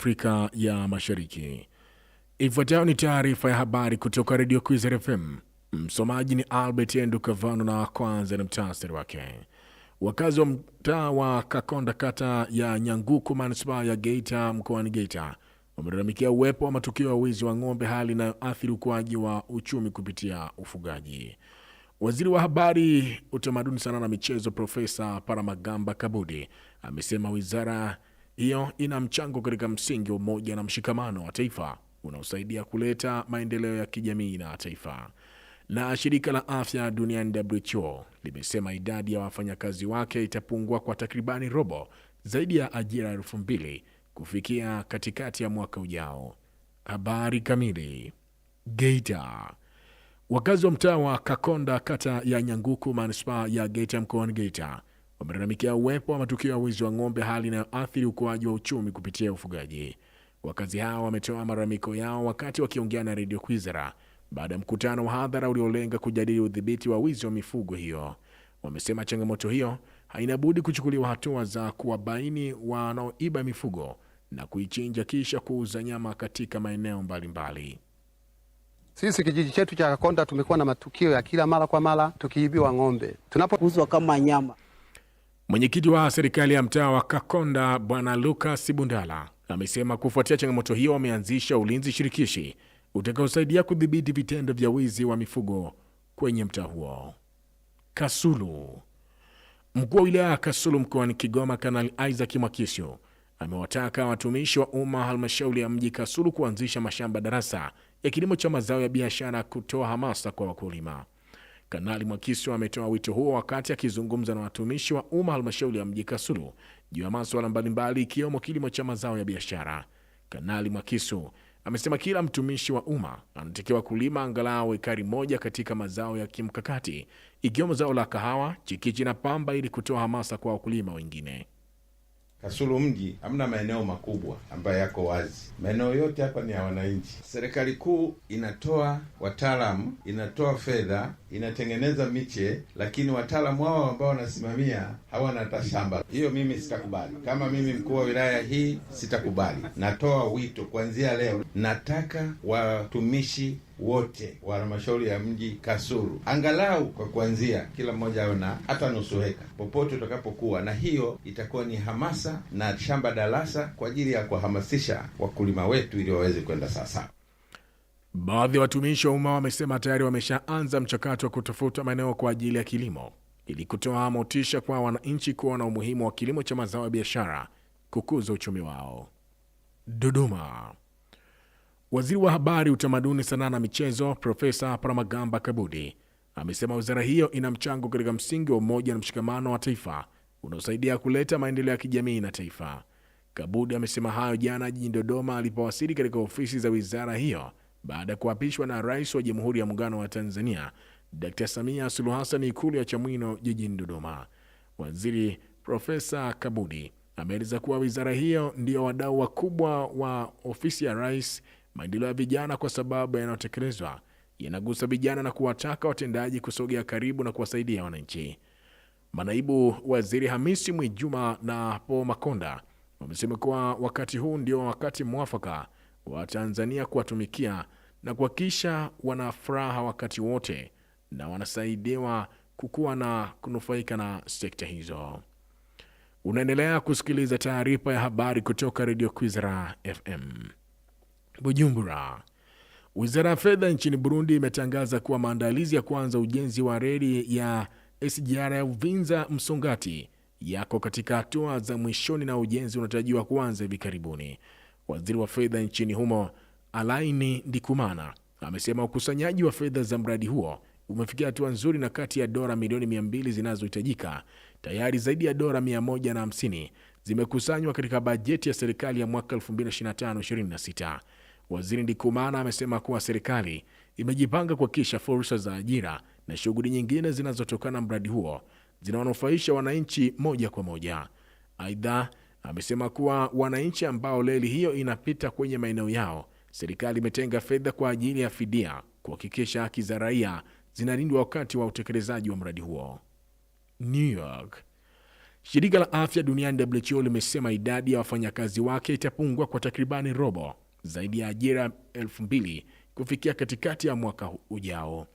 Afrika ya Mashariki. Ifuatayo ni taarifa ya habari kutoka Redio Kwizera FM. Msomaji ni Albert Kavano, na kwanza ni mtasari wake. Wakazi wa mtaa wa Kakonda, kata ya Nyanguku, manispaa ya Geita, mkoani Geita, wamelalamikia uwepo wa matukio ya wizi wa ng'ombe, hali inayoathiri ukuaji wa uchumi kupitia ufugaji. Waziri wa Habari, Utamaduni, Sanaa na Michezo Profesa Paramagamba Kabudi amesema wizara hiyo ina mchango katika msingi wa umoja na mshikamano wa taifa unaosaidia kuleta maendeleo ya kijamii na taifa. Na shirika la afya duniani WHO limesema idadi ya wafanyakazi wake itapungua kwa takribani robo, zaidi ya ajira elfu mbili kufikia katikati ya mwaka ujao. Habari kamili. Geita, wakazi wa mtaa wa Kakonda, kata ya Nyanguku, manispaa ya Geita, mkoani Geita wamelalamikia uwepo wa matukio ya wizi wa ng'ombe, hali inayoathiri ukuaji wa uchumi kupitia ufugaji. Wakazi hao wametoa malalamiko yao wakati wakiongea na redio Kwizera baada ya mkutano wa hadhara uliolenga kujadili udhibiti wa wizi wa mifugo hiyo. Wamesema changamoto hiyo haina budi kuchukuliwa hatua za kuwabaini wanaoiba mifugo na kuichinja kisha kuuza nyama katika maeneo mbalimbali. Sisi kijiji chetu cha Kakonda tumekuwa na matukio ya kila mara kwa mara tukiibiwa ng'ombe tunapouzwa kama nyama. Mwenyekiti wa serikali ya mtaa wa Kakonda Bwana Lucas Bundala amesema kufuatia changamoto hiyo wameanzisha ulinzi shirikishi utakaosaidia kudhibiti vitendo vya wizi wa mifugo kwenye mtaa huo. Kasulu. Mkuu wa wilaya ya Kasulu mkoani Kigoma Kanali Isaac Mwakisho amewataka watumishi wa umma halmashauri ya mji Kasulu kuanzisha mashamba darasa ya kilimo cha mazao ya biashara kutoa hamasa kwa wakulima. Kanali Mwakiso ametoa wito huo wakati akizungumza na watumishi wa umma halmashauri ya mji Kasulu juu ya maswala mbalimbali ikiwemo kilimo cha mazao ya biashara. Kanali Mwakiso amesema kila mtumishi wa umma anatakiwa kulima angalau ekari moja katika mazao ya kimkakati ikiwemo zao la kahawa, chikichi na pamba ili kutoa hamasa kwa wakulima wengine. Kasulu mji hamna maeneo makubwa ambayo yako wazi, maeneo yote hapa ni ya wananchi. Serikali kuu inatoa wataalamu, inatoa fedha, inatengeneza miche, lakini wataalamu hao ambao wanasimamia hawana hata shamba. Hiyo mimi sitakubali. Kama mimi mkuu wa wilaya hii sitakubali. Natoa wito kuanzia leo, nataka watumishi wote wa halmashauri ya mji Kasulu, angalau kwa kuanzia, kila mmoja awe na hata nusu heka popote utakapokuwa, na hiyo itakuwa ni hamasa na shamba darasa kwa ajili ya kuwahamasisha wakulima wetu ili waweze kwenda sawasawa. Baadhi ya watumishi wa umma wamesema tayari wameshaanza mchakato wa kutafuta maeneo kwa ajili ya kilimo ili kutoa motisha kwa wananchi na umuhimu wa kilimo cha mazao ya biashara kukuza uchumi wao. Dodoma. Waziri wa Habari, Utamaduni, Sanaa na Michezo Profesa Paramagamba Kabudi amesema wizara hiyo ina mchango katika msingi wa umoja na mshikamano wa taifa unaosaidia kuleta maendeleo ya kijamii na taifa. Kabudi amesema hayo jana jijini Dodoma alipowasili katika ofisi za wizara hiyo baada ya kuapishwa na Rais wa Jamhuri ya Muungano wa Tanzania Dr. Samia Suluhu Hassan Ikulu ya Chamwino jijini Dodoma. Waziri Profesa Kabudi ameeleza kuwa wizara hiyo ndiyo wadau wakubwa wa ofisi ya Rais maendeleo ya vijana kwa sababu yanayotekelezwa yanagusa vijana na kuwataka watendaji kusogea karibu na kuwasaidia wananchi. Manaibu waziri Hamisi Mwijuma na Po Makonda wamesema kuwa wakati huu ndio wakati mwafaka wa Tanzania kuwatumikia na kuhakikisha wana furaha wakati wote na wanasaidiwa kukuwa na kunufaika na sekta hizo. Unaendelea kusikiliza taarifa ya habari kutoka redio Kwizera FM. Bujumbura. Wizara ya fedha nchini Burundi imetangaza kuwa maandalizi ya kuanza ujenzi wa reli ya SGR ya Uvinza Msongati yako katika hatua za mwishoni na ujenzi unatarajiwa kuanza hivi karibuni. Waziri wa fedha nchini humo Alaini Ndikumana amesema ukusanyaji wa fedha za mradi huo umefikia hatua nzuri na kati ya dola milioni mbili zinazohitajika tayari zaidi ya dola hamsini zimekusanywa katika bajeti ya serikali ya mwaka 2025/26. Waziri Ndikumana amesema kuwa serikali imejipanga kuhakikisha fursa za ajira na shughuli nyingine zinazotokana na mradi huo zinawanufaisha wananchi moja kwa moja. Aidha, amesema kuwa wananchi ambao reli hiyo inapita kwenye maeneo yao, serikali imetenga fedha kwa ajili ya fidia kuhakikisha haki za raia zinalindwa wakati wa utekelezaji wa mradi huo. New York. Shirika la Afya Duniani WHO limesema idadi ya wafanyakazi wake itapungua kwa takribani robo zaidi ya ajira elfu mbili kufikia katikati ya mwaka ujao,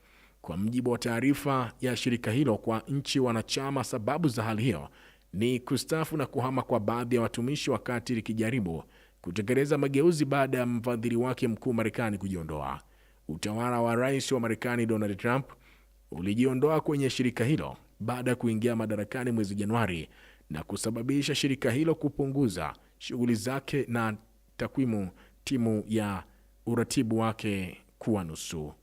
kwa mjibu wa taarifa ya shirika hilo kwa nchi wanachama. Sababu za hali hiyo ni kustafu na kuhama kwa baadhi ya watumishi, wakati likijaribu kutekeleza mageuzi baada ya mfadhili wake mkuu Marekani kujiondoa. Utawala wa rais wa Marekani Donald Trump ulijiondoa kwenye shirika hilo baada ya kuingia madarakani mwezi Januari na kusababisha shirika hilo kupunguza shughuli zake na takwimu timu ya uratibu wake kuwa nusu.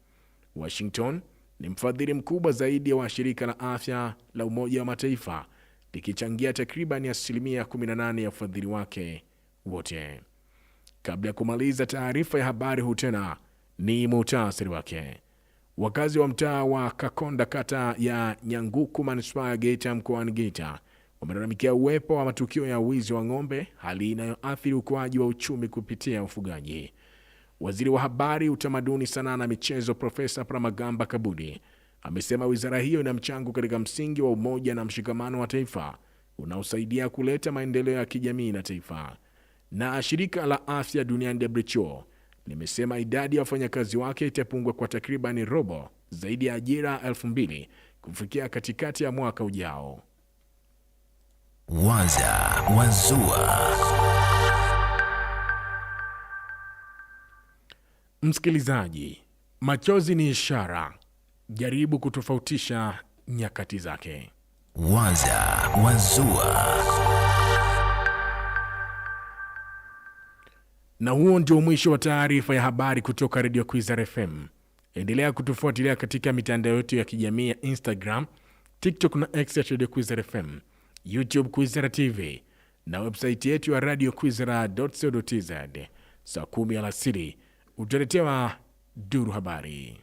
Washington ni mfadhili mkubwa zaidi wa shirika la afya la Umoja wa Mataifa likichangia takriban asilimia 18 ya ufadhili wake wote. Kabla ya kumaliza taarifa ya habari, huu tena ni muhtasari wake. Wakazi wa mtaa wa Kakonda, kata ya Nyanguku, manispaa ya Geita, mkoani Geita wamelalamikia uwepo wa matukio ya wizi wa ng'ombe, hali inayoathiri ukuaji wa uchumi kupitia ufugaji. Waziri wa Habari, Utamaduni, Sanaa na Michezo Profesa pramagamba Kabudi amesema wizara hiyo ina mchango katika msingi wa umoja na mshikamano wa taifa unaosaidia kuleta maendeleo ya kijamii na taifa. Na shirika la afya duniani WHO limesema idadi ya wafanyakazi wake itapungua kwa takribani robo, zaidi ya ajira elfu mbili kufikia katikati ya mwaka ujao. Waza Wazua. Msikilizaji, machozi ni ishara, jaribu kutofautisha nyakati zake. Waza Wazua. Na huo ndio mwisho wa taarifa ya habari kutoka Redio Kwizera FM. Endelea kutufuatilia katika mitandao yetu ya kijamii ya Instagram, TikTok na X ya Redio Kwizera FM. YouTube Kwizera TV na websaiti yetu ya radio kwizera.co.tz. Saa kumi alasiri utaletewa duru habari.